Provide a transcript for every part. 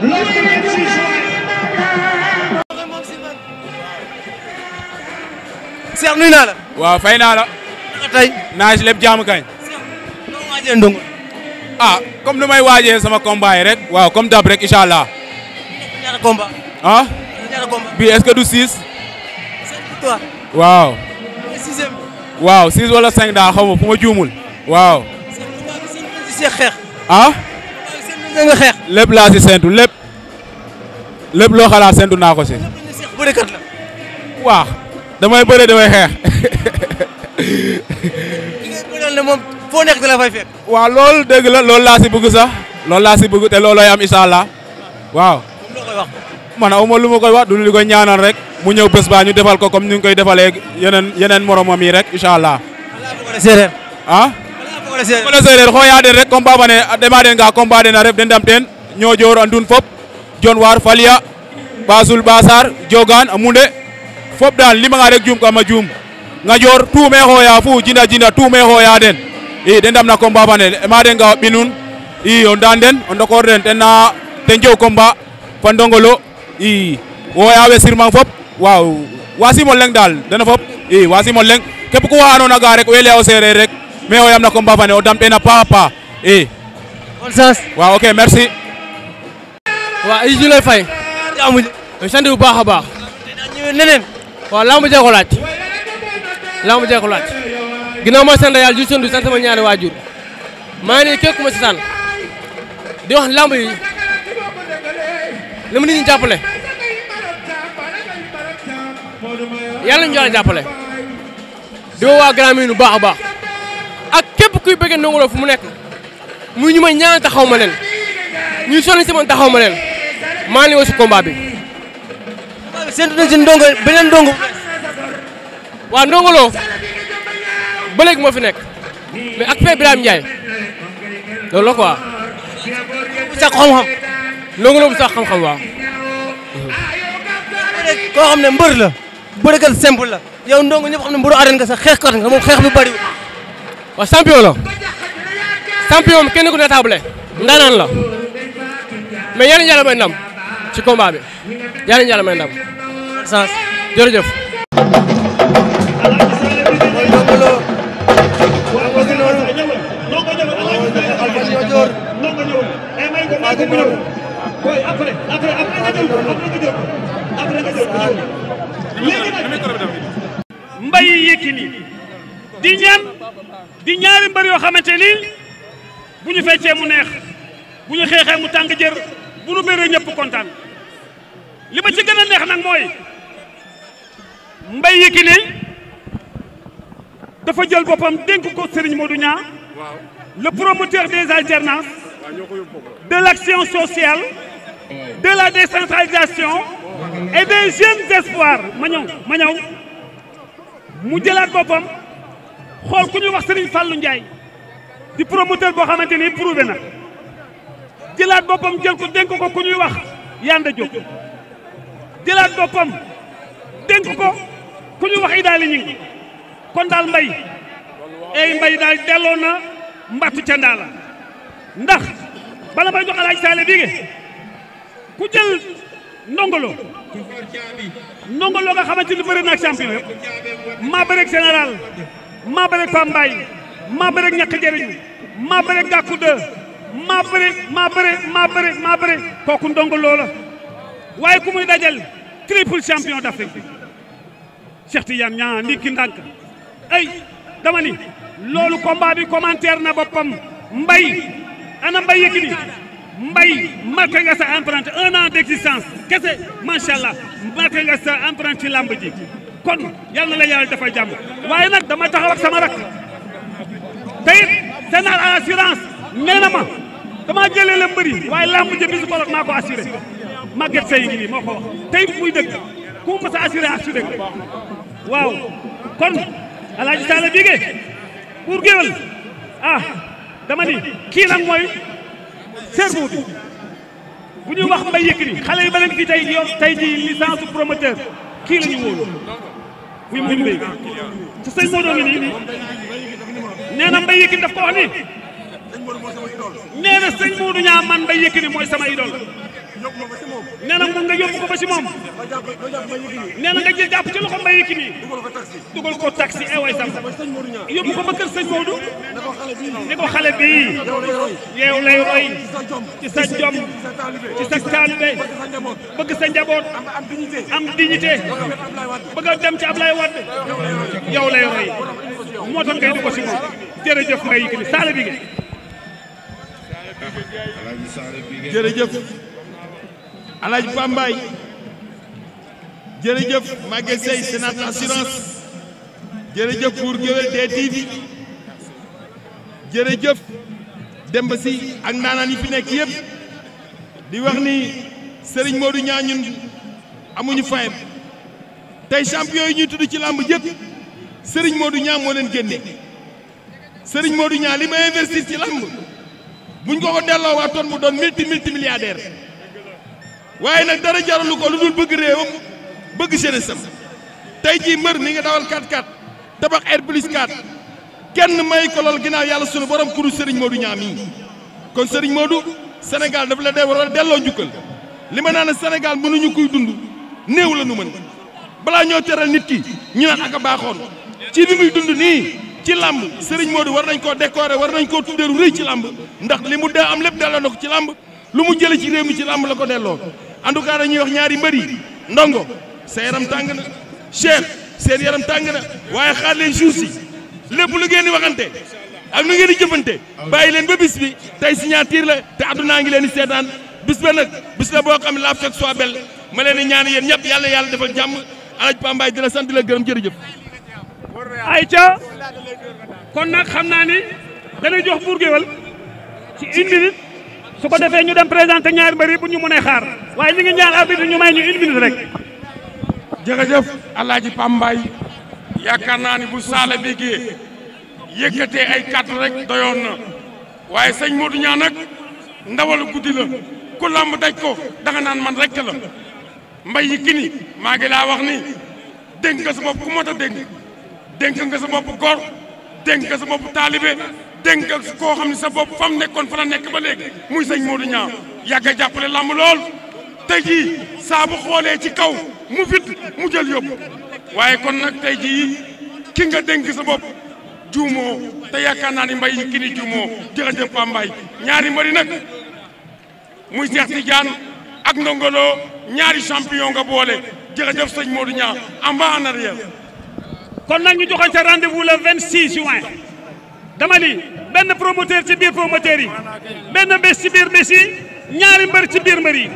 Cheikh nuyu naa la. waaw fay naa la. naa si lépp kañ. ah comme lu may waaje sama combat rek. waaw comme dab rek incha allah. ñaata combat. ah. ñaata combat. bi est-ce que du waaw. waaw 6 wala daal xaw ma fu ma juumul. waaw. lépp laa si séntu lépp loo xalaat séntu naa ko si. waaw damay bëre damay xeex. foo nekk dina fay fekk. waaw la loolu laa si sax lool laa si bëgg te loolooy am incha allah waaw. man aw ma lu ma koy wax du li koy ñaanal rek mu ñëw bés ba ñu defal ko comme ni ñu koy defalee yeneen yeneen moromam yi rek incha allah. ah. wala séeréer xoo yaa den rek comme baba ne ah, dema den ga comme ba den a ref den dam ten ñoƴor andun fop jon waar falya ɓasul ɓasar jogan a munde fop dal limanga rek juum kam a juum ngaƴor tuume xooya fu jinda jinda tuume xooya den i de ndamna combat fane ma den ga o ɓinun i o ndan den o den tena ten jow combat fa ndongolo i woya we sirmang fop waaw wa simol leng dal dena fop i wa simol leng képp ku wa ga rek we laya o rek mais o yaam fane o dam ten a paax a waaw ok waaw Aziz ñu lay fay. amuñu. sant bu baax a baax. neneen. waaw làmb jee ko laaj. làmb jee ko laaj. ginnaaw ma sant yàlla ju sëndu sant sama ñaari waajur. maa ngi nii ma si sànn di wax làmb yi li mu nit ñi jàppale yàlla jàppale di woo waa Grand Médine baax a baax ak képp kuy bëggee Ndongo Lo fu mu nekk mu ñu ma ñaan taxaw ma leen ñuy sonn si taxaw ma leen maa ngi si combat bi. séntu nañ si ndongo beneen ndongo. waaw Ndongo Lo ba moo fi nekk mais ak Père Birame Ndiaye loolu la quoi. bu sax xam-xam. Ndongo Lo xam-xam waaw. koo xam ne mbër la. bërekat simple la. yow ndongo ñëpp xam ne mbëru arène nga sax xeex kat nga moom xeex bi bëri. waaw champion la. champion kenn ku ne table. ndaanaan la mais yéen a ngi may ci combat bi yal nañu yàlla may ndam sans jërëjëf mbay Yékini di ñaan di ñaari mbër yoo xamante ni bu ñu feccee mu neex bu ñu xeexee mu tàng jër bu nu meree kontaan li ma ci gën a neex nag mooy Mbaye Yékini dafa jël boppam dénk ko Serigne Modou ñaa le promoteur des alternances de l'action sociale de la décentralisation et des jeunes espoirs ma ñëw ma ñëw mu jëlaat boppam xool ku ñu wax Serigne Fallou Ndiaye di promoteur boo xamante ni prouvé na jëlaat boppam jël ko dénk ko ku ñuy wax Yanda Diop jëlaat boppam dénk ko ku wax Idaali Ñing kon daal mbay ey mbay daal delloo na mbattu ca la ndax bala may jox alaaj saale bii ku jël ndongolo ndongolo nga xamante ni bëri na ak champion yëpp maa bëreeg général maa bëreeg maa bëre maa bëre maa bëre maa bëre kooku ndongo loola waaye ku muy dajal triple champion d'Afrique bi Cheikh ñaa ndi ki ndànk dama loolu combat bi commentaire na boppam mbay ana mbay mbay marqué nga sa empreinte un an d'existence kese macha allah marqué nga ci làmb ji kon yàlla na la yàlla dafa jàmm waaye nag dama taxaw ak sama rak te it nee na ma damaa jëlee la mbëri waaye lamb ja bisu maa ko assuré Maguette Seye ngi nii moo ko tey muy dëgg ku ko sa assuré ak su dëgg waaw kon alaaji Sall bige pour géwél ah dama ni kii nag mooy serveur bi bu ñu wax mbay Yékini xale yi ba leen fi tey yor tey ji licence promoteur kii la ñu wóolu muy muy mbay te sëñ Modou ngi nii nee na mbay Yékini daf ko nee na sëñ Modou Niang man Mbaye Yékini mooy sama idole nee na mun nga yóbbu ko ba si moom nee na nga jël jàpp ci loxo Mbaye Yékini dugal ko taxi ewaay eh sam yóbbu ko ba kër sëñ Modou ni ko xale bii yow lay roy ci sa jom ci sa taalibe bëgg sa njaboot am dignité bëgg a dem ci Ablaye Wade yow lay roy moo tax ngay du ko si moom jërëjëf Mbaye Yékini saala bi nga jërëjëf alaaj Pambaay jërëjëf Maguette Seye Sénat assurance jërëjëf pour Gueweul TV jërëjëf Demba si ak naanaan yi fi nekk yëpp di wax ni Serigne Modou Niang ñun amuñu fayam tey champion yi ñuy tudd ci làmb yëpp Serigne Modou Niang moo leen génne Serigne Modou Niang li ma investir ci làmb buñ ko ko delloo waatoon bu doon multi multi milliardaire waaye nag dara jaralu ko lu dul bëgg réewam bëgg jeunesse am tey jii mbër mi nga dawal 4-4 tabax air plus 4 kenn may ko lool ginnaaw yàlla sunu borom kuru Serigne du ñaam yi kon Serigne Modou Sénégal daf la dee waral delloo njukkal li ma naan Sénégal mënuñu kuy dund néew la nu mën balaa ñoo teral nit ki ñu naan ak a baaxoon ci bi muy dund nii. ci làmb Serigne Modou war nañ koo décorer war nañ koo tuddee lu rëy ci làmb ndax li mu dee am lépp delloo na ko ci làmb lu mu jëlee ci réew mi ci làmb la ko delloo en tout cas dañuy wax ñaari mbër yi ndongo sa yaram tàng na Cheikh seen yaram tàng na waaye xaar leen jours yi lépp lu ngeen di waxante ak lu ngeen di jëfante bàyyi leen ba bis bi tey tiir la te àddunaa ngi leen di seetaan bis ba nag bis la boo xam ne laaf fekk soit bel ma leen di ñaan yéen ñëpp yàlla yàlla defal jàmm alaaj Pambaay di sant di la jërëjëf ay ayca kon nag xam naa ni danañ jox buur géwël ci une minute su ko defee ñu dem présenté ñaari mbër yi bu ñu mënee xaar waaye ñu ngi ñaan arbitre ñu may ñu une minute rek. jërëjëf Alaaji Pambaay yaakaar naa ni bu saala bégee yëkkatee ay kàddu rek doyoon na waaye sëñ Modou ñaa nag ndawal guddi la ku làmb daj ko danga naan man rek la mbay yi kini maa ngi laa wax ni dégg nga sa bopp ku mot a dénk nga sa bopp góor dénk nga sa bopp taalibe dénk nga koo xam ne sa bopp fam nekkoon fa la nekk ba léegi muy sañ Modou Niang yàgg a jàppale làmb lool tey jii saa bu xoolee ci kaw mu fit mu jël yóbbu waaye kon nag tey jii ki nga dénk sa bopp juumoo te yaakaar naa ni mbay ki ni juumoo jërëjëf Pa Mbaye ñaari mbëri nag muy Cheikh Tidiane ak Ndongolo ñaari champion nga boole jërëjëf sëñ Modou Niang en bas en kon nag ñu joxe ca rendez-vous le 26 juin dama ni benn promoteur ci biir promoteur yi benn bés ci biir bés yi ñaari mbër ci biir mbër yi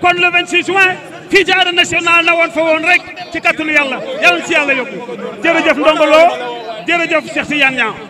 kon le 26 juin fii ci arène nationale na woon fa woon rek ci kattanu yàlla yàlla si yàlla yóbbu jërëjëf Ndongo Lo jërëjëf Cheikh Tidiane Niang